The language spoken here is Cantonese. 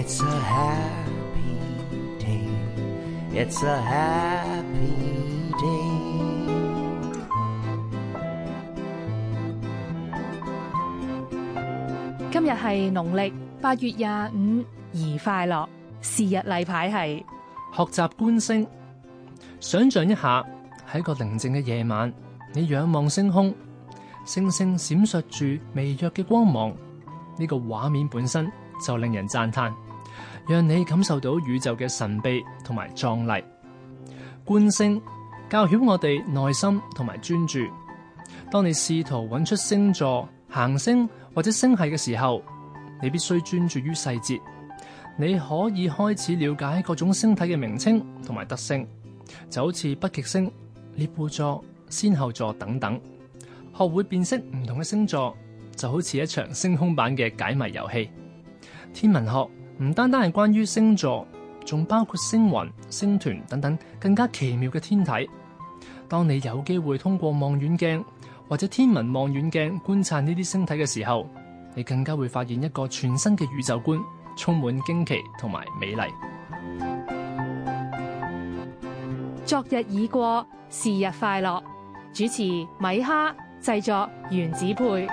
It's a happy day, it's a happy day 今日係農曆八月廿五，宜快樂。是日例牌係學習觀星。想象一下，喺個寧靜嘅夜晚，你仰望星空，星星閃爍住微弱嘅光芒。呢、這個畫面本身就令人讚嘆，讓你感受到宇宙嘅神秘同埋壯麗。觀星教曉我哋耐心同埋專注。當你試圖揾出星座、行星或者星系嘅時候，你必須專注於細節。你可以開始了解各種星體嘅名稱同埋特性，就好似北極星、獵戶座、仙后座等等。學會辨識唔同嘅星座，就好似一場星空版嘅解謎遊戲。天文學唔單單係關於星座，仲包括星雲、星團等等更加奇妙嘅天體。當你有機會通過望遠鏡或者天文望遠鏡觀察呢啲星體嘅時候，你更加會發現一個全新嘅宇宙觀，充滿驚奇同埋美麗。昨日已過，是日快樂。主持米哈，製作原子配。